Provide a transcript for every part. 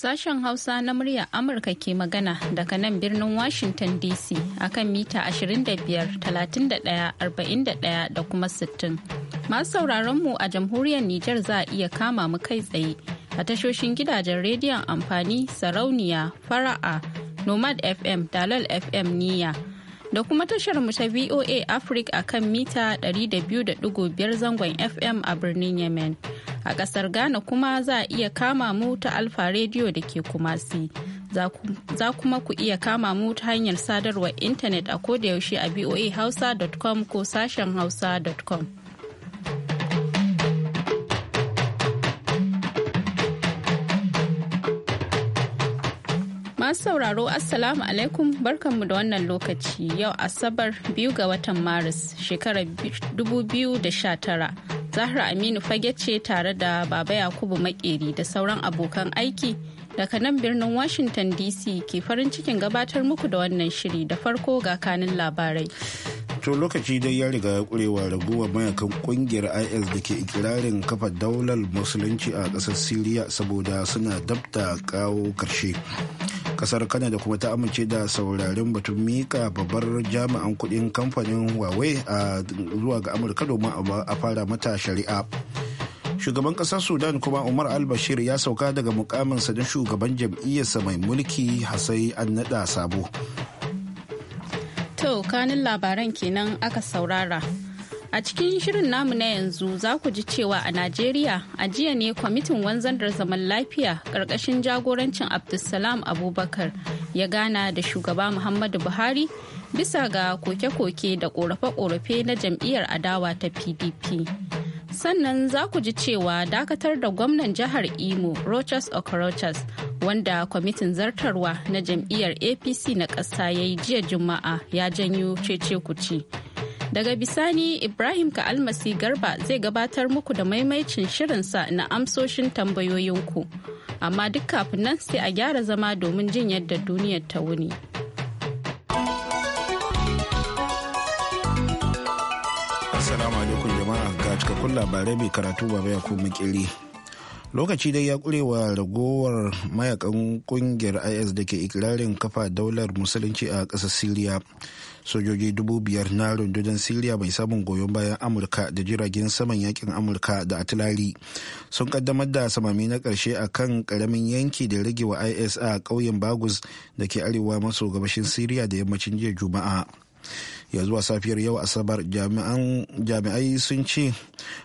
Sashen Hausa na murya Amurka ke magana daga nan birnin Washington DC akan mita 25, 31, 41 da kuma 60. Masu sauraronmu a jamhuriyar Nijar za a iya kama mu kai tsaye a tashoshin gidajen rediyon amfani sarauniya fara'a nomad fm dalal fm niya da kuma tashar mu ta VOA Africa a kan mita 200.5 zangon FM a birnin Yemen. A ƙasar Ghana kuma za a iya kama mu ta Alfa Radio da ke Kumasi. Za kuma ku iya kama mu ta hanyar sadarwar intanet a kodayaushe a voahausa.com ko sashen hausa.com. Masu sauraro Assalamu alaikum barkanmu da wannan lokaci yau Asabar biyu ga watan Maris shekarar 2019. Zahra Aminu fage ce tare da Baba Yakubu Makeri da sauran abokan aiki daga nan birnin Washington DC ke farin cikin gabatar muku da wannan shiri da farko ga kanin labarai. to lokaci dai ya riga ya kurewa raguwa mayakan kungiyar is da ke ikirarin kafa daular musulunci a ƙasar siriya saboda suna dabta kawo karshe kasar da kuma ta amince da saurarin batun mika babbar jami'an kudin kamfanin huawei a zuwa ga amurka domin a fara mata shari'a shugaban kasar sudan kuma umar al ya sauka daga mukaminsa na shugaban jam'iyyarsa mai mulki hasai an nada sabo to kanin labaran kenan aka saurara A cikin shirin namu na yanzu za ku ji cewa a Najeriya a jiya ne kwamitin wanzan da zaman lafiya ƙarƙashin jagorancin Abdulsalam Abubakar ya gana da shugaba Muhammadu Buhari bisa ga koke-koke da ƙorafe-ƙorafe na jam'iyyar adawa ta PDP. sannan za ku ji cewa dakatar da gwamnan jihar imo rochas okorochas wanda kwamitin zartarwa na jam'iyyar apc na ƙasa ya yi jiya juma'a ya janyo cece kuci Daga bisani Ibrahim ka almasi Garba zai gabatar muku da maimaicin shirinsa na amsoshin tambayoyinku. Amma duk kafin nan sai a gyara zama domin jin yadda duniyar ta wuni. Assalamu alaikum jama'a ga cikakkun labarai mai karatu baba ya ko makili. lokaci dai ya kurewa ragowar mayakan kungiyar is da ke ikirarin kafa daular musulunci a ƙasar siriya sojoji dubu biyar na rundunar siriya mai samun goyon bayan amurka da jiragen saman yakin amurka da atilari sun kaddamar da samami na ƙarshe a kan ƙaramin yanki da rage wa is a ƙauyen bagus da ke arewa maso gabashin siriya da yammacin jiya juma'a ya zuwa safiyar yau asabar jami'ai sun ce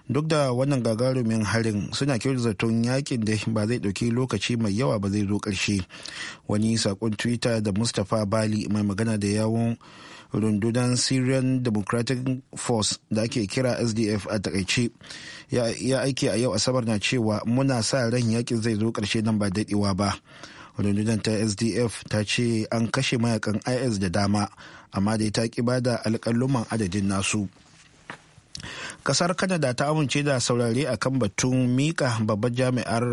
duk da wannan gagarumin harin suna kyau zaton yakin da ba zai dauki lokaci mai yawa ba zai zo karshe wani sakon twitter da mustapha bali mai magana da yawon rundunar syrian democratic force da ake kira sdf a takaice ya aiki a yau asabar na cewa muna sa ran yakin zai zo karshe nan ba daɗewa ba rundunar ta sdf ta ce an kashe mayakan is da dama amma dai ta ki bada alƙalluman adadin nasu kasar canada ta amince da saurare a kan batun mika babbar jami'ar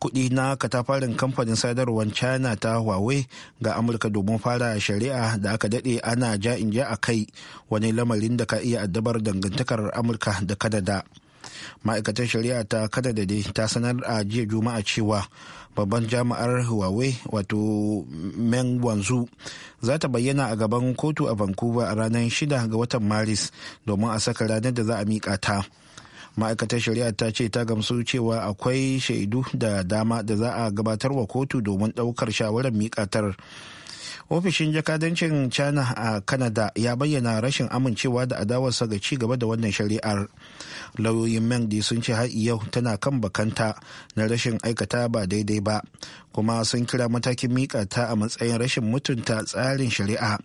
kuɗi na katafarin kamfanin sadarwar china ta huawei ga amurka domin fara shari'a da aka dade ana ja in ja a kai wani lamarin da ka iya addabar dangantakar amurka da kanada. ma'aikatar shari'a ta kada da dai ta sanar a jiya juma'a cewa babban jami'ar huawei wato meng wanzu za ta bayyana a gaban kotu a vancouver a ranar 6 ga watan maris domin a saka ranar da za a miƙa ta ma'aikatar shari'a ta ce ta gamsu cewa akwai shaidu da dama da za a gabatar wa kotu domin ɗaukar shawarar miƙatar ofishin jakadancin china a canada ya bayyana rashin amincewa da adawarsa ga ci gaba da wannan shari'ar lauyoyin mengdi sun ce har yau tana kan bakanta na rashin aikata ba daidai ba kuma sun kira matakin mika ta a matsayin rashin mutunta tsarin shari'a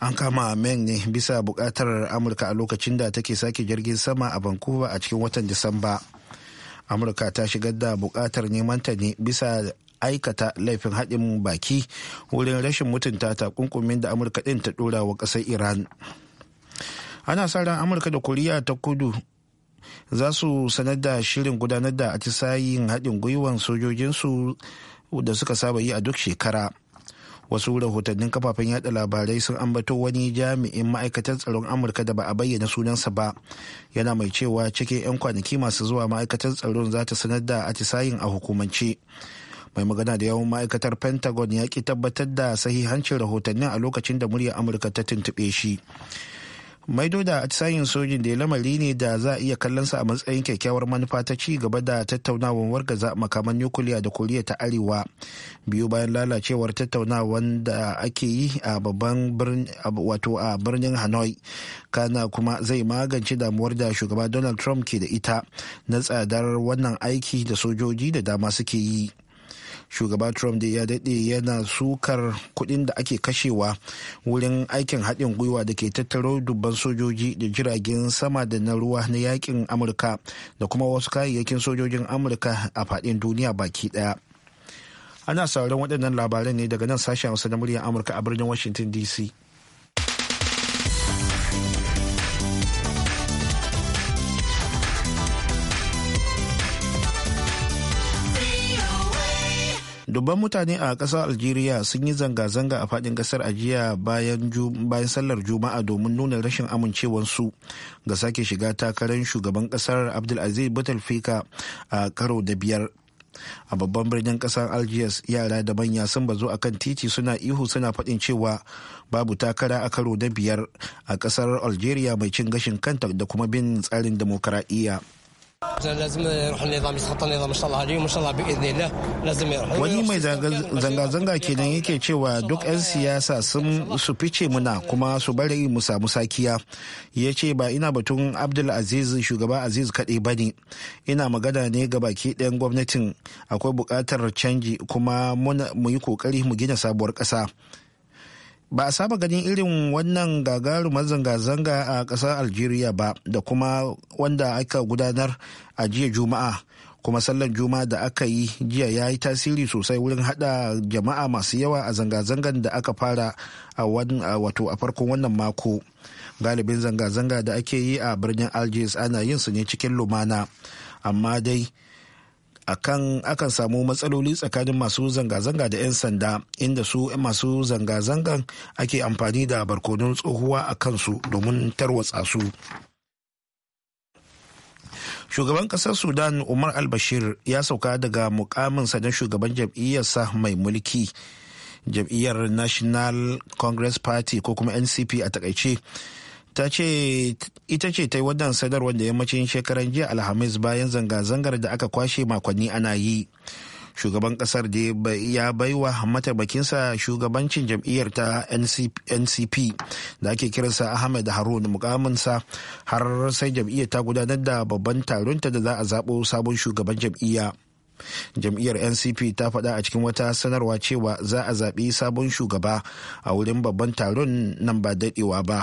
an kama meng ne bisa buƙatar amurka a lokacin da take sake jirgin sama a vancouver a cikin watan disamba amurka ta shigar da bukatar neman ta ne bisa aikata laifin haɗin baki wurin rashin mutunta takunkumin da amurka ɗin ta ɗora wa ƙasar iran ana sa ran amurka da koriya ta kudu za su sanar da shirin gudanar da atisayin haɗin gwiwan sojojinsu da suka saba yi a duk shekara wasu rahotannin kafafen yada labarai sun ambato wani jami'in ma'aikatar tsaron amurka da ba a bayyana sunansa ba yana mai cewa cikin 'yan kwanaki masu zuwa ma'aikatar tsaron za ta sanar da atisayin a hukumance mai magana da yawan ma'aikatar pentagon ya ki tabbatar da sahihancin rahotanni a lokacin da muryar amurka ta tuntuɓe shi maido da atisayin sojin da ya lamari ne da za a iya kallon sa a matsayin kyakkyawar manufa ta ci gaba da tattaunawar wargaza makaman nukiliya da koriya ta arewa biyu bayan lalacewar tattaunawar da ake yi a babban wato a birnin hanoi kana kuma zai magance damuwar da shugaba donald trump ke da ita na tsadar wannan aiki da sojoji da dama suke yi shugaba trump da ya daɗe yana sukar kuɗin da ake kashewa wurin aikin haɗin gwiwa da ke tattaro dubban sojoji da jiragen sama da na ruwa na yakin amurka da kuma wasu kayayyakin sojojin amurka a faɗin duniya baki ɗaya ana sauran waɗannan labaran ne daga nan sashen hausa na muryar amurka a birnin washington dc dubban mutane a ƙasar algeria sun yi zanga-zanga a fadin ƙasar ajiya bayan sallar juma'a domin nuna rashin amincewarsu ga sake shiga takarar shugaban ƙasar abdulaziz bouteflika a karo da biyar a babban birnin ƙasar algiers yara da manya sun bazu a kan titi suna ihu suna faɗin cewa babu takara a karo da biyar a ƙasar algeria mai cin gashin kanta da kuma bin tsarin demokaradiyya. لازم يروح النظام النظام ان شاء الله اليوم ان شاء الله باذن الله لازم يروح wani mai zanga-zanga kenan yake cewa duk 'yan siyasa sun su fice muna kuma su bari mu samu sakiya ya ce ba ina batun abdulaziz shugaba aziz kaɗai ba ne ina magana ne ga baki ɗayan gwamnatin akwai buƙatar canji kuma mu yi ƙoƙari mu gina sabuwar ƙasa ba a saba ganin irin wannan gagarumar zanga-zanga a ƙasar algeria ba da kuma wanda aka gudanar a jiya juma'a kuma sallar juma'a da aka yi jiya ya yi tasiri sosai wurin hada jama'a masu yawa a zanga-zangan da aka fara a wato a farkon wannan mako galibin zanga-zanga da ake yi a birnin algiers ana yin su ne cikin lumana amma dai akan akan samu matsaloli tsakanin masu zanga-zanga da 'yan sanda inda su masu zanga-zangan ake amfani da barkonon tsohuwa a kansu domin tarwatsa su shugaban kasar sudan umar albashir ya sauka daga mukaminsa na shugaban jam'iyyarsa mai mulki jam'iyyar national congress party ko kuma ncp a takaice ta ce ita ce ta yi wannan sadarwar da yammacin shekaran jiya alhamis bayan zanga-zangar da aka kwashe makonni ana yi shugaban kasar da ya bai wa mataimakinsa shugabancin jam'iyyar ta ncp da ake kiransa ahmed harun mukaminsa har sai jam'iyyar ta gudanar da babban taronta da za a zaɓo sabon shugaban jam'iyya jam'iyyar ncp ta faɗa a cikin wata sanarwa cewa za a zaɓi sabon shugaba a wurin babban taron nan ba daɗewa ba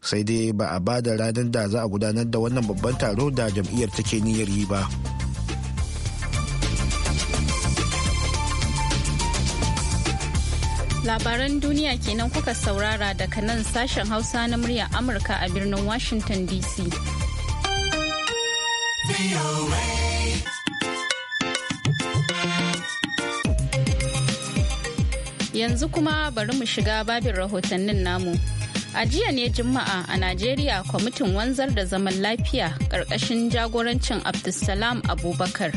sai dai ba a ba da ranar da za a gudanar da wannan babban taro da jam'iyyar take niyyar yi ba labaran duniya kenan kuka saurara daga nan sashen hausa na murya amurka a birnin washington dc yanzu kuma bari mu shiga babin rahotannin namu. A jiya ne Juma'a a Najeriya kwamitin wanzar da zaman lafiya ƙarƙashin jagorancin Abdulsalam Abubakar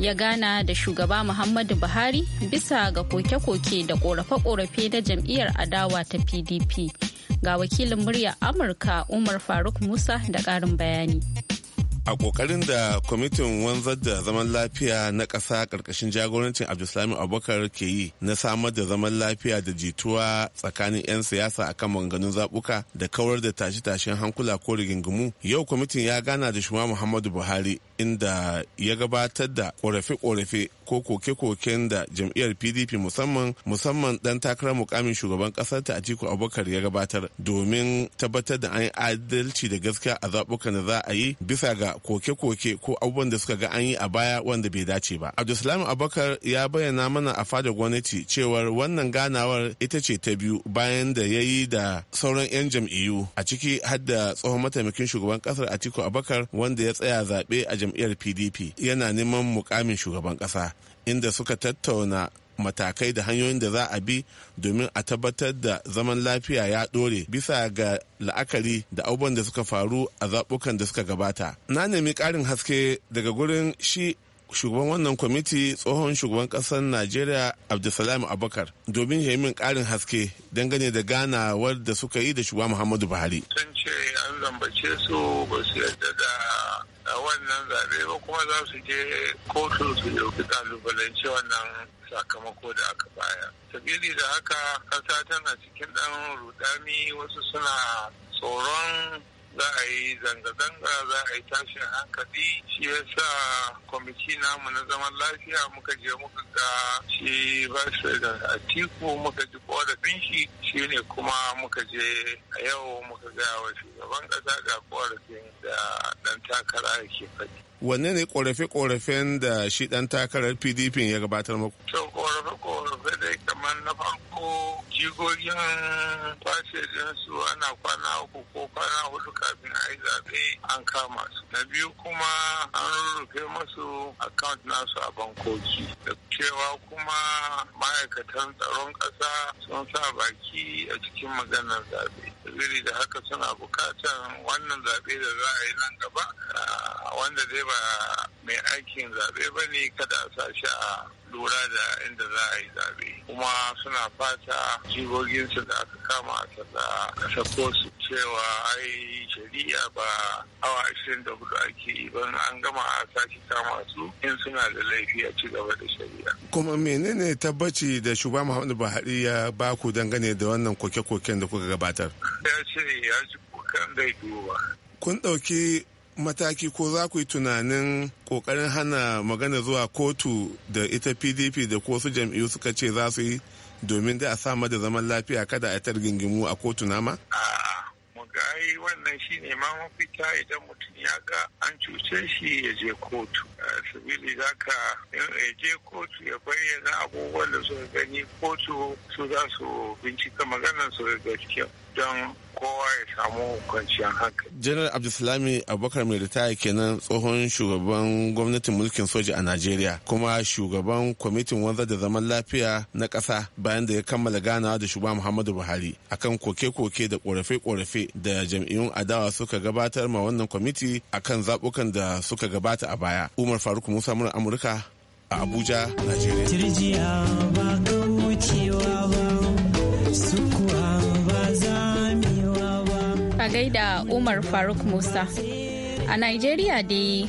ya gana da shugaba Muhammadu Buhari bisa ga koke-koke da ƙorafe korafe na jam'iyyar adawa ta PDP. Ga wakilin murya Amurka Umar Faruk Musa da ƙarin bayani. a kokarin da kwamitin wanzar da zaman lafiya na ƙasa ƙarƙashin jagorancin abdulsalami abubakar ke yi na samar da zaman lafiya da jituwa tsakanin 'yan siyasa a kan maganganun zaɓuka da kawar da tashe-tashen hankula ko rigingimu yau kwamitin ya gana da shuma muhammadu buhari inda ya gabatar da ƙorafe-ƙorafe ko koke-koken da jam'iyyar pdp musamman musamman dan takarar mukamin shugaban kasar ta atiku abubakar ya gabatar domin tabbatar da an yi adalci da gaskiya a zaɓukan da za a yi bisa ga koke-koke ko abubuwan da suka ga an yi a baya wanda bai dace ba abdulsalam abubakar ya bayyana mana a fadar gwamnati cewar wannan ganawar ita ce ta biyu bayan da ya yi da sauran 'yan jam'iyyu a ciki har da tsohon mataimakin shugaban kasar atiku abubakar wanda ya tsaya zaɓe a jam'iyyar pdp yana neman mukamin shugaban ƙasa inda suka tattauna matakai da hanyoyin da za a bi domin a tabbatar da zaman lafiya ya dore bisa ga la'akari da abubuwan da suka faru a zaɓukan da suka gabata. Na nemi ƙarin haske daga gurin shi shugaban wannan kwamiti tsohon shugaban ƙasar Najeriya Abdulsalam Abubakar domin ya yi min ƙarin haske dangane da ganawar da suka yi da shugaban Muhammadu Buhari. Sun an zambace su ba su yarda da wannan zaɓe ba kuma za su je kotu su ɗauki ƙalubalance wannan sakamako da aka baya. Sabili da haka ƙasa tana cikin ɗan rudami wasu suna tsoron za a yi zanga-zanga za a yi tashin hankali shi ya sa kwamiti namu na zaman lafiya muka je muka ga shi ba su da atiku muka ji korafin shi shi ne kuma muka je a yau muka ga wa shugaban kasa ga korafin da dan takara ke faɗi wanne ne korafe-korafen da shi dan takarar pdp ya gabatar muku to korafe-korafe dai kamar na farko jigogin kwashe su ana kwana uku ko kwana hudu kafin a yi zaɓe an kama su na biyu kuma an rufe masu account nasu a bankoki da cewa kuma ma'aikatan tsaron ƙasa sun sa baki a cikin maganar zaɓe sabili da haka suna bukatan wannan zaɓe da za a yi nan gaba wanda dai ba mai aikin zaɓe ba ne kada a sashi a lura da inda za a yi zaɓe kuma suna fata su da aka kama ta da sako su cewa ai shari'a ba awa ashirin da hudu ake yi ban an gama a sake kama su in suna da laifi a ci gaba da shari'a kuma menene tabbaci da shugaban muhammadu buhari ya baku dangane da wannan koke-koken da kuka gabatar ya ce ya ji kokan kun ɗauki mataki ko za ku yi tunanin kokarin hana magana zuwa kotu da ita pdp da ko su jam'iyyu suka ce za su yi domin da a samar da zaman lafiya kada a targingimu a kotu nama? ga ai wannan shine ma mafita idan mutum ya ga an cuce shi ya je kotu sabili za ka ya je kotu ya bayyana abubuwan da suka gani kotu su za su bincika maganar su gaskiya don kowa ya samu kwanciyar hankali. General abdulsalami abubakar mai ritaya kenan tsohon shugaban gwamnatin mulkin soja a najeriya kuma shugaban kwamitin wanzar da zaman lafiya na ƙasa bayan da ya kammala ganawa da shugaban muhammadu buhari akan koke-koke da ƙorafe-ƙorafe da jam'iyyun adawa suka gabatar ma wannan kwamiti akan zaɓukan da suka gabata a baya umar faruk musa mura amurka a abuja najeriya a gaida Umar Faruk Musa. A Najeriya dai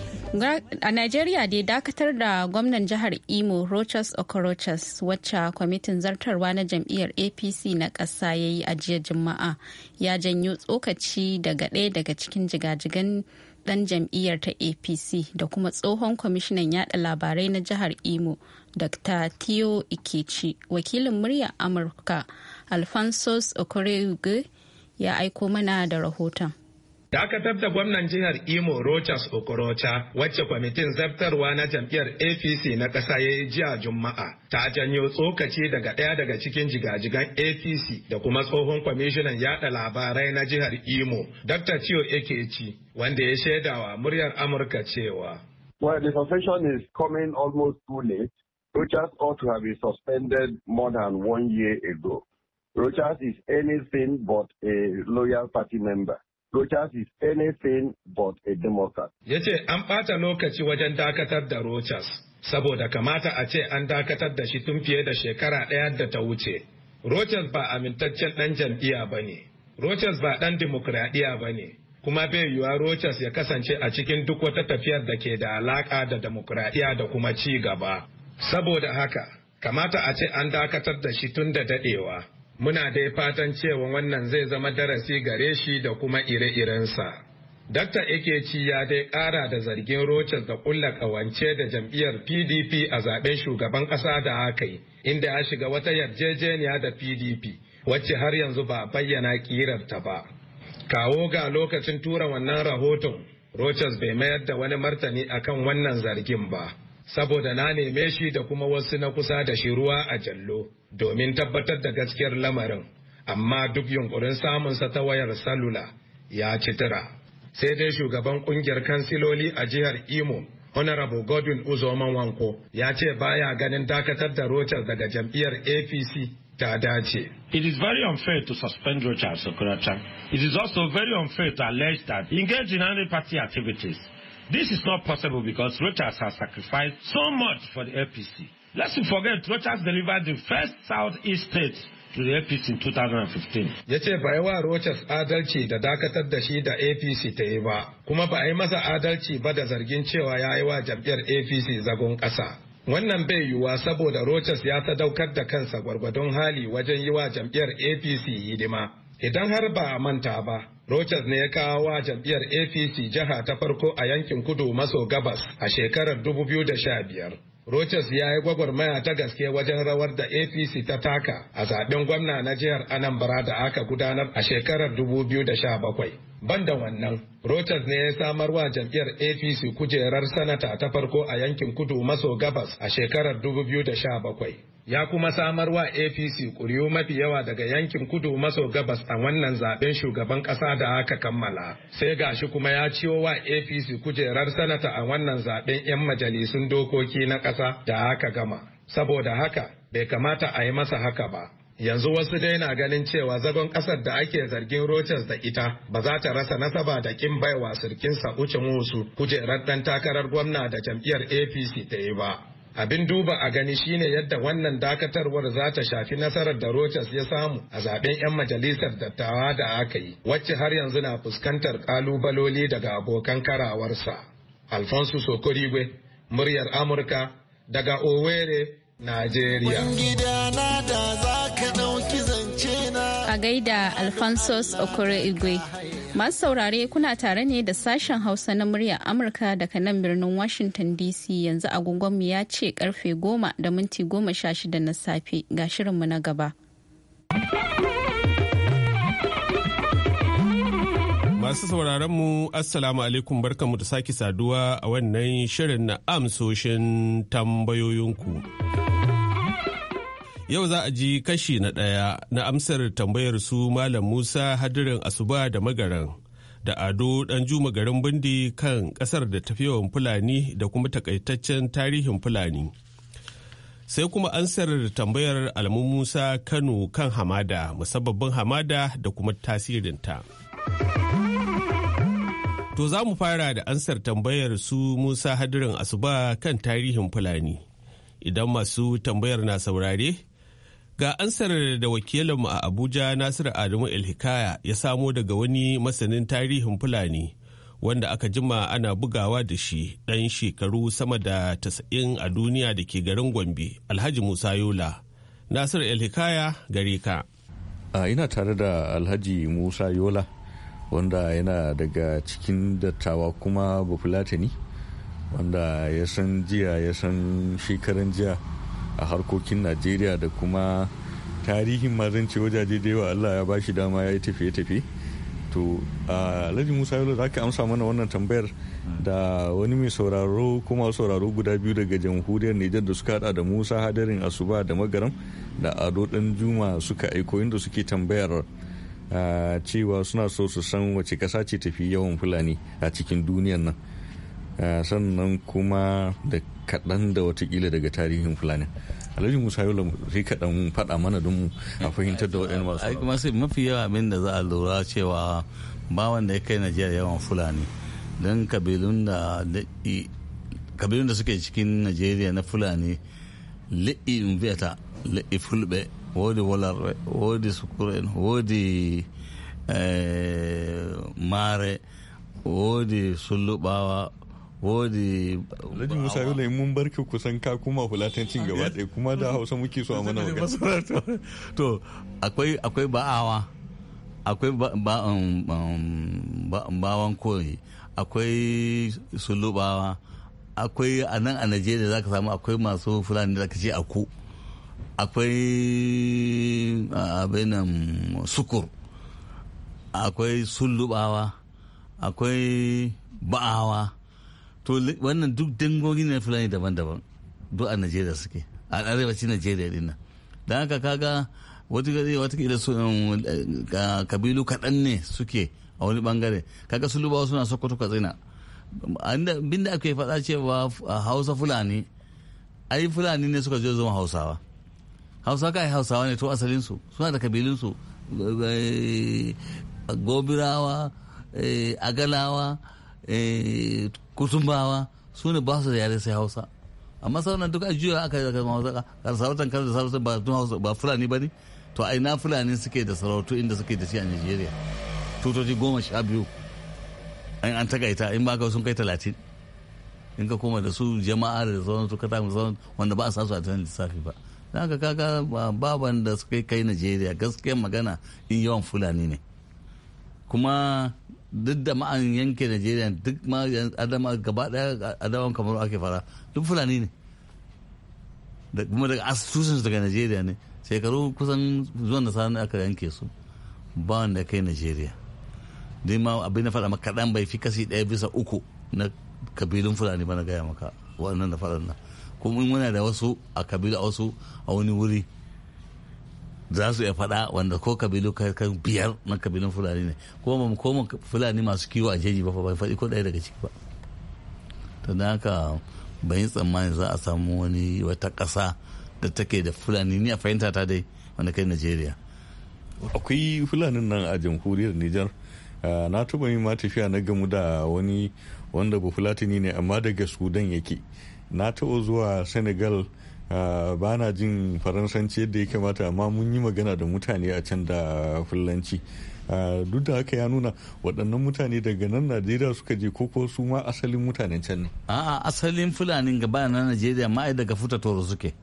dakatar da gwamnan jihar Imo Rochas Okorochas wacce kwamitin zartarwa na jam'iyyar APC na ƙasa ya yi a jiya Juma'a ya janyo tsokaci daga ɗaya daga cikin jigajigan ɗan jam'iyyar ta APC da kuma tsohon kwamishinan yada labarai na jihar Imo Dr. tio Ikechi wakilin murya Amurka Alfonso Okorege ya aiko mana da rahoton. Dakatar da gwamnan jihar Imo Rochas Okorocha wacce kwamitin zartarwa na jam'iyyar APC na ƙasa ya yi jiya Juma'a ta janyo tsokaci daga ɗaya daga cikin jigajigan APC da kuma tsohon kwamishinan yaɗa labarai na jihar Imo Dr. Chiyo Ekechi, wanda ya shaidawa muryar Amurka cewa. Well, the succession is coming almost too late. Rochas ought to suspended more than one year ago. Rochas is anything but a loyal party member. Rochas is anything but a Democrat. Ya ce an ɓata lokaci wajen dakatar da Rochas, saboda kamata a ce an dakatar da shi tun fiye da shekara ɗaya da ta wuce. Rochas ba amintaccen ɗan jam'iyya bane. ne, Rochas ba ɗan dimokuraɗiyya bane. kuma bai yiwuwa Rochas ya kasance a cikin duk wata tafiyar da ke da alaƙa da demokuraɗiyya da kuma ci gaba. Saboda haka, kamata a ce an dakatar da shi tun da daɗewa. Muna dai fatan cewa wannan zai zama darasi gare shi da kuma ire-irensa. Dr. Ekeci ya dai ƙara da zargin Rochas da ƙulla ƙawance da jam'iyyar PDP a zaben shugaban ƙasa da aka yi, inda ya shiga wata yarjejeniya da PDP, wacce har yanzu ba bayyana ƙirar ta ba. Kawo ga lokacin tura wannan rahoton, Rochas bai mayar da wani martani akan wannan zargin ba. saboda na neme shi da kuma wasu na kusa da shi ruwa a jallo domin tabbatar da gaskiyar lamarin amma duk yunkurin sa ta wayar salula ya ci tura sai dai shugaban kungiyar kansiloli a jihar imo honorable godwin uzoman wanko ya ce baya ganin dakatar da rochas daga jam'iyyar apc ta dace It is very unfair to suspend Rochas Okorata. It is also very unfair to allege that he in any party activities This is not possible because Rochas has sacrificed so much for the APC. Let's not forget, Rochas delivered the first Southeast state to the APC in 2015. Ya ce ba yi wa Rochas adalci da dakatar da shi da APC ta yi ba, kuma ba a yi masa adalci ba da zargin cewa ya yi wa jam'iyyar APC zagon ƙasa. Wannan bai yiwuwa saboda Rochas ya sadaukar da kansa gwargwadon hali wajen yi wa jam'iyyar APC hidima. Idan har ba a manta ba, Rochas ne ya kawo wa jam'iyyar APC jiha ta farko a yankin kudu maso gabas a shekarar 2015. Rochas ya yi gwagwarmaya ta gaske wajen rawar da APC ta taka a zaɓen gwamna na jihar Anambra da aka gudanar a shekarar 2017. Ban da wannan, Rochas ne ya samar wa jam'iyyar APC kujerar sanata ta farko a yankin kudu maso gabas a shekarar 2017. ya kuma samar wa apc ƙuri'u mafi yawa daga yankin kudu maso gabas a wannan zaben shugaban ƙasa da aka kammala sai ga shi kuma ya ciwo wa apc kujerar sanata a wannan zaben 'yan majalisun dokoki na ƙasa da aka gama saboda haka bai kamata a yi masa haka ba yanzu wasu dai na ganin cewa zagon ƙasar da ake zargin Rochas da ita ba za ta rasa nasaba da kin baiwa sirkinsa ucin musu kujerar ɗan takarar gwamna da jam'iyyar apc ta yi ba Abin duba a gani shine yadda wannan dakatarwar za ta shafi nasarar da Rochas ya samu a zaben 'yan majalisar dattawa da aka yi, wacce har yanzu na fuskantar kalubaloli daga abokan karawarsa. Alfonso Sokorigwe, muryar Amurka, daga Owerri, Najeriya. a gaida alphonsus okoro igwe masu saurare kuna tare ne da sashen hausa na muryar amurka daga nan birnin washington dc yanzu agogonmu ya ce karfe goma da minti goma na safe ga shirinmu na gaba masu sauraron mu assalamu alaikum barkanmu da sake saduwa a wannan shirin na amsoshin tambayoyinku. Yau za a ji kashi na ɗaya na amsar tambayar su Malam Musa hadirin Asuba da Magaran da Ado juma garin Bindi kan ƙasar da tafiyawan Fulani da kuma takaitaccen tarihin Fulani. Sai kuma ansar tambayar Alamun Musa Kano kan hamada, musabbabin hamada da kuma tasirinta. To za mu fara da ansar tambayar su Musa Hadirin Asuba kan tarihin Fulani. Idan masu tambayar na saurare, Ga ansar da wakilinmu a Abuja Nasiru Adamu Elhikaya ya samo daga wani masanin tarihin Fulani wanda aka jima ana bugawa da shi ɗan shekaru sama da tasa'in a duniya da ke garin Gombe, Alhaji Musa Yola. Nasiru Elhikaya gare ka. ina tare da Alhaji Musa Yola wanda yana daga cikin dattawa kuma Bafulatani wanda ya san jiya ya san shekaran jiya. a harkokin najeriya da kuma tarihin mazanci wajaje da yawa allah ya bashi dama ya yi tafiye-tafiye to alhaji musa yalo za ka amsa mana wannan tambayar da wani mai sauraro kuma sauraro guda biyu daga jamhuriyar nijar da suka hada da musa hadarin asuba da magaram da ado dan juma suka aiko inda suke tambayar cewa suna so su san wace kasa ce tafi yawan fulani a cikin duniyar nan sannan kuma da kaɗan da watakila daga tarihin fulani alhaji musa yola sai kaɗan faɗa mana don a fahimtar da waɗannan wasu kuma sai mafi yawa abin da za a lura cewa ba wanda ya kai jiya yawan fulani don kabilun da kabilun da suke cikin najeriya na fulani li'i mveta li'i fulbe wodi walarwe wodi sukurin wodi eh, mare wodi sullubawa wodi Alhaji Musa yau mun barka kusan ka kuma fulatancin gaba ɗaya kuma da Hausa muke so a mana magana to akwai akwai ba'awa akwai um, um, bawan kore akwai sulubawa akwai a nan a Najeriya za ka samu akwai masu fulani da ka ce a ku akwai abinan sukur akwai sulubawa akwai ba'awa to wannan duk dangogi na fulani daban-daban duk a najeriya suke a arewacin najeriya din nan don haka kaga wata watakila su um, kabilu kaɗan ne suke a wani bangare kaga su lubawa suna sokoto katsina bin da ake faɗa cewa hausa fulani ai fulani ne suka zo zama hausawa hausa kai hausawa ne to asalin su suna da su eh, gobirawa eh, agalawa eh, kutumbawa su ne ba su da yare sai hausa amma sauran duk a juya aka yi zama hausa ka sarautan kan da sarautan ba tun hausa ba fulani ba ne to ai na fulani suke da sarautu inda suke da shi a nigeria tutoci goma sha biyu an an takaita in ba ka sun kai talatin in ka koma da su jama'a da zaune su kata mu zaune wanda ba a sa su a tunan lissafi ba don haka kaga baban da suka kai nigeria gaskiyar magana in yawan fulani ne kuma duk da ma'an yanke najeriya duk ma adama gaba daya adaman kamar ake fara duk fulani ne da kuma daga asusun daga najeriya ne shekaru kusan zuwan da sani aka yanke su ba wanda kai najeriya dai ma abin da faɗa maka bai fi kasi daya bisa uku na kabilun fulani ba na gaya maka waɗannan da faɗan nan kuma in muna da wasu a kabila wasu a wani wuri za su iya faɗa wanda ko kabilu kan biyar na kabilun fulani ne ko mu koma fulani masu kiwo a jeji ba ba faɗi ko ɗaya daga ciki ba to dan haka ban tsammani za a samu wani wata ƙasa da take da fulani ni a fahimta ta dai wanda kai najeriya akwai fulanin nan a jamhuriyar nijar na tuba yi ma tafiya na gamu da wani wanda ba fulatini ne amma daga sudan yake na taɓa zuwa senegal Ah, ba na jin faransanci yadda ya kamata amma mun yi magana da mutane a can da fulanci ah, duk da haka ya nuna waɗannan mutane daga nan najeriya suka je koko su ma asalin mutanen can ne a'a asalin fulanin gaba na najeriya ma'ai daga toro suke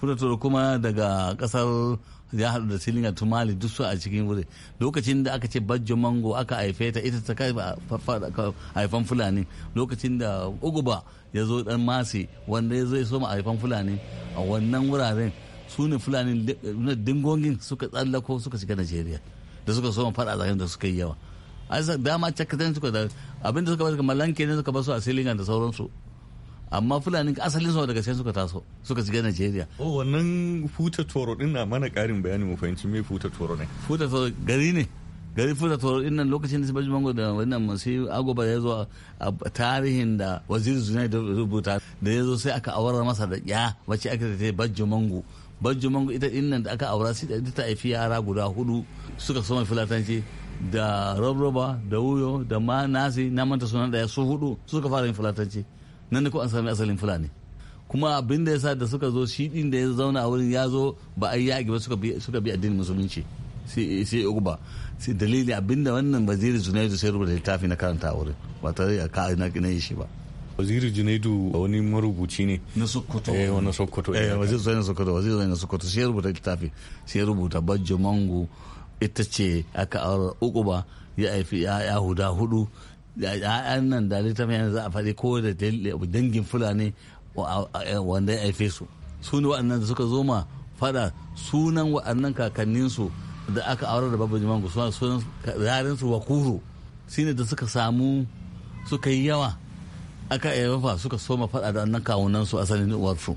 furtoro kuma daga kasar ya haɗu da silinga tumali duk su a cikin wuri lokacin da aka ce bajjo mango aka haife ta ita ta kai haifan fulani lokacin da uguba ya zo dan masi wanda ya zo ya soma haifan fulani a wannan wuraren su ne fulani na dingongin suka tsallako suka shiga najeriya da suka soma faɗa zakin da suka yi yawa dama cakatan suka da abinda suka ba su malanke ne suka ba su a silinga da sauransu amma fulani asalin su daga sai suka taso suka shiga Najeriya. Oh wannan futa toro din na mana karin bayani mu fahimci me futa toro ne. Futa toro gari ne. Gari futa toro din nan lokacin da Sibaji mango da wannan masu agoba ya zo a tarihin da waziri Zunai da rubuta da ya zo sai aka awar masa da ya wace aka ta Bajjo Mango. Bajjo Mango ita din nan da aka aura sai da ta haifi yara guda hudu suka soma filatanci da roba da wuyo da ma nasi na manta sunan daya su hudu suka fara yin filatanci. nan ne ko an sami asalin fulani kuma abin da yasa da suka zo shi din da ya zauna a wurin ya zo ba a yi yaƙi ba suka bi addinin musulunci sai uguba sai dalili abin da wannan waziri junaidu sai rubuta littafi na karanta a wurin ba tare da ka na yi shi ba waziri junaidu wani marubuci ne na sokoto eh wani sokoto eh, eh waziri na sokoto waziri na sokoto sai rubuta littafi sai rubuta bajjo mango ita ce aka aure uku ba ya haifi ya huda hudu 'ya'yan nan da littafin yanzu a faɗi ko da dangin fulani eh, wanda ya haife su su ne waɗannan da suka zo ma faɗa sunan waɗannan kakanninsu da aka aurar da babu jimangu sunan wa wakuru shi ne da suka samu suka yi yawa aka yawafa suka soma faɗa da annan kawunansu asalin uwarsu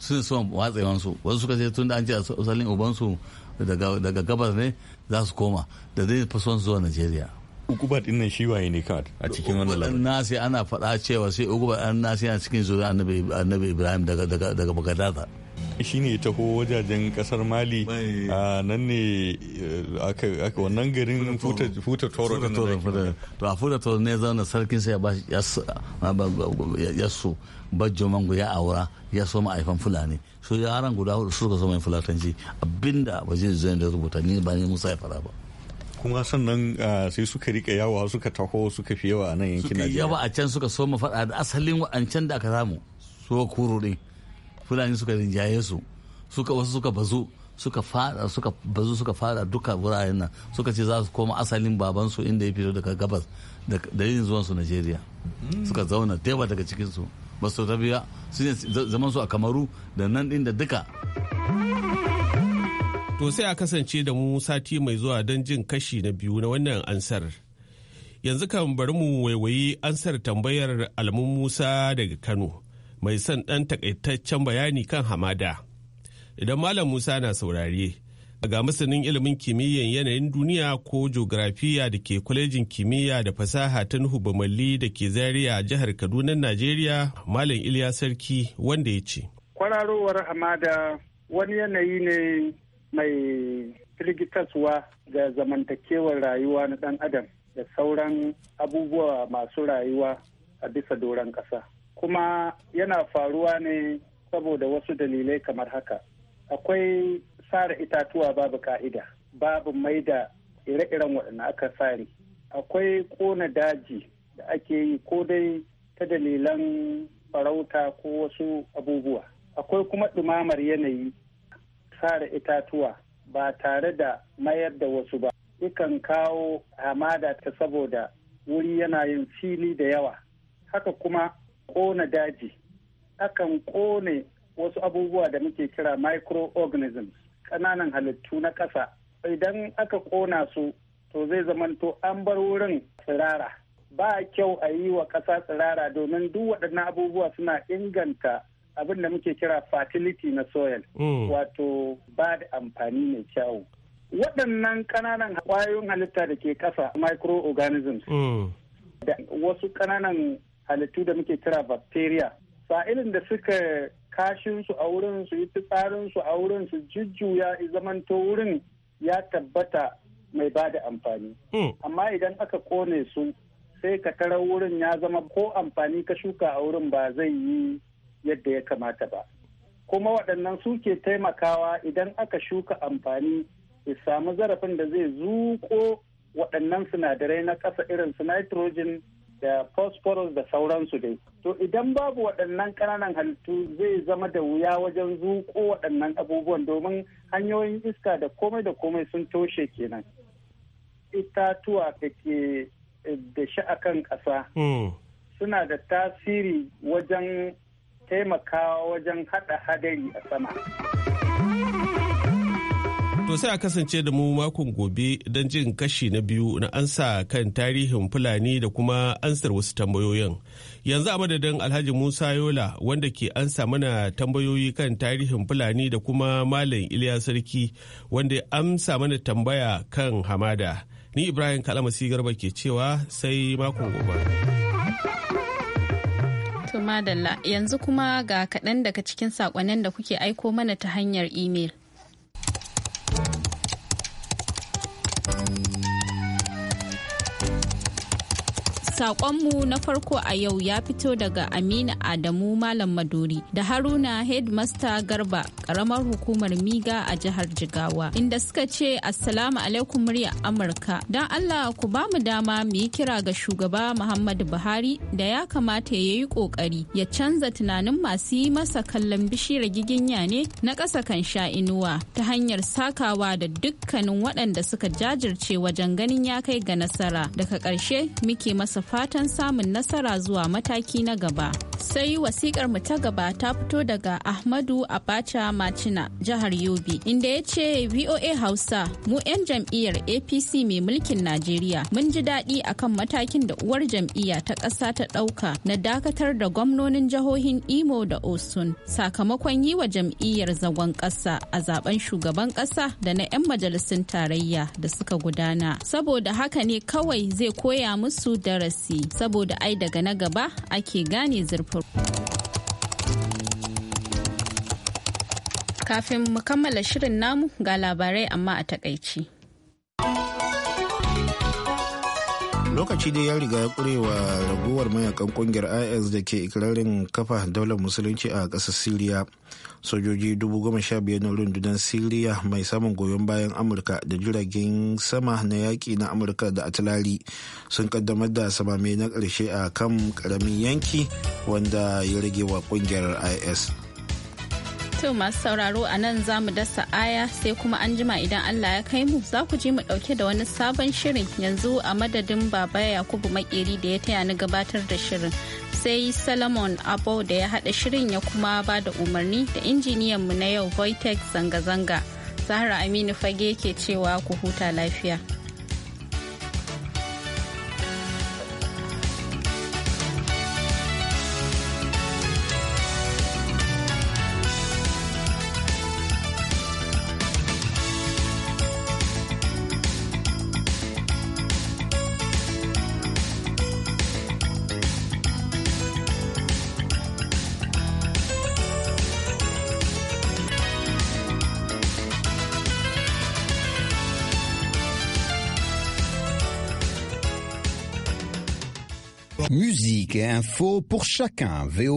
su ne soma watsewansu wasu suka ce tun da an ce asalin ubansu daga gabas ne za su koma da zai fi son zuwa najeriya ukuba din nan shi waye ne kawai a cikin wannan na nasi ana faɗa cewa sai ukuba an nasi yana cikin zuwa annabi annabi ibrahim daga daga daga bagadaza shi ne taho wajajen kasar mali a nan ne eh, aka wannan garin futa toro to a futa toro ne zauna sarkin sai ya so bajjo mango ya aura ya so ma'aifan fulani so yaran guda hudu suka so mai fulatanci abinda ba zai zai da rubuta ni ba ni musa ya fara ba kuma sannan ah, sai suka rika yawa suka taho suka fi yawa a nan yankin Najeriya. Suka yawa a can suka so faɗa da asalin wa'ancan da aka samu so kuro ɗin Fulani suka rinjaye su suka wasu suka bazu suka fada suka bazu suka fada duka wuraren nan suka ce za su koma asalin babansu inda ya fito daga gabas da dalilin zuwan su Najeriya. Hmm. Suka zauna tewa daga cikin su ba su su ne zaman su a Kamaru da nan din da duka. To sai a kasance da mu sati mai zuwa don jin kashi na biyu na wannan ansar. Yanzu kan bari mu waiwayi ansar tambayar alamun Musa daga Kano, mai son ɗan takaitaccen bayani kan hamada. Idan Malam Musa na saurare, ga masanin ilimin kimiyyar yanayin duniya ko geografiya da ke kwalejin kimiyya da fasaha ta Nuhu Bamalli da ke Zaria jihar Kaduna, Najeriya, Malam Iliya Sarki wanda ya ce. Kwararowar hamada wani yanayi ne mai firgitaswa ga zamantakewar rayuwa na ɗan adam da sauran abubuwa masu rayuwa a bisa doron ƙasa kuma yana faruwa ne saboda wasu dalilai kamar haka akwai sare itatuwa babu ka'ida babu mai da ire-iren waɗanda aka sare akwai kona daji da ake yi ko dai ta dalilan farauta ko wasu abubuwa akwai kuma ɗumamar yanayi sare itatuwa ba tare da mayar da wasu ba yakan kawo hamada ta saboda wuri yana yin fili da yawa haka kuma ƙona daji akan ƙone wasu abubuwa da muke kira microorganisms ƙananan halittu na ƙasa idan aka ƙona su to zai zamanto an bar wurin tsirara ba kyau a yi wa ƙasa tsirara domin duk waɗannan abubuwa suna inganta abin da muke kira fertility na soil mm. wato ba da amfani mai kyawu waɗannan ƙananan ƙwayoyin halitta da ke ƙasa microorganisms mm. da wasu ƙananan halittu da muke kira bacteria sa'ilin da suka kashinsu a wurin su yi su a wurin su jujjuya zamanto wurin ya tabbata mai ba da amfani mm. amma idan aka kone su sai ka tarar wurin ya zama ko amfani ka shuka a wurin ba zai yi yadda ya kamata ba kuma waɗannan suke taimakawa idan aka shuka amfani ya samu zarafin da zai zuƙo waɗannan sinadarai na ƙasa irin su nitrogen da phosphorus da sauransu dai to idan babu waɗannan ƙananan halittu zai zama da wuya wajen zuƙo waɗannan abubuwan domin hanyoyin iska da komai da komai sun toshe kenan itatuwa da ke eh, da shi a kan ƙasa hmm. suna da tasiri wajen taimakawa wajen haɗa hadari a sama. To sai a kasance da mu makon gobe don jin kashi na biyu na ansa kan tarihin Fulani da kuma ansar wasu tambayoyin. Yanzu a madadin Alhaji Musa Yola wanda ke ansa mana tambayoyi kan tarihin Fulani da kuma Malam Iliya Sarki wanda ya amsa mana tambaya kan hamada. Ni Ibrahim Kalamasi Garba ke cewa sai makon gobe. To madalla yanzu kuma ga kaɗan daga cikin saƙonnin da kuke aiko mana ta hanyar imel. Sakonmu na farko a yau ya fito daga Aminu Adamu Malam Maduri da Haruna Headmaster Garba karamar hukumar Miga a jihar Jigawa inda suka ce Assalamu alaikum muryar Amurka. Don Allah ku ba mu dama mu yi kira ga shugaba Muhammadu Buhari da ya kamata ya yi kokari ya canza tunanin masu yi masa kallon bishiyar giginya ne na ƙasa kan sha inuwa ta hanyar sakawa da dukkanin waɗanda suka jajirce wajen ganin ya kai ga nasara. Daga ƙarshe muke masa fatan samun nasara zuwa mataki na gaba. sai wasikar mu ta gaba ta fito daga ahmadu abacha macina jihar yobe inda ya ce voa hausa mu 'yan jam'iyyar apc mai mulkin najeriya mun ji daɗi akan matakin da uwar jam'iyya ta ƙasa ta ɗauka na dakatar da gwamnonin jihohin imo da osun sakamakon yi wa jam'iyyar zagon ƙasa a zaben shugaban ƙasa da na 'yan majalisun tarayya da suka gudana saboda haka ne kawai zai koya musu darasi saboda ai daga na gaba ake gane zurfin. Kafin mu kammala shirin namu ga labarai amma a takaici. lokaci dai ya riga ya kurewa raguwar mayakan kungiyar is da ke ikirarin kafa daular musulunci a ƙasar siriya sojoji 15,000 na rundunar siriya mai samun goyon bayan amurka da jiragen sama na yaƙi na amurka da atilari sun kaddamar da samame na ƙarshe a kan ƙaramin yanki wanda ya rage wa ƙungiyar is so masu sauraro a nan za mu dasa aya sai kuma an jima idan Allah ya kai mu za ku ji mu ɗauke da wani sabon shirin yanzu a madadin Baba Yakubu Makeri da ya taya ni gabatar da shirin. Sai Salomon Abo da ya haɗa shirin ya kuma ba da umarni da injiniyan mu na yau Voitex zanga-zanga. Zahra Aminu Fage ke cewa ku huta lafiya. Info pour chacun. VO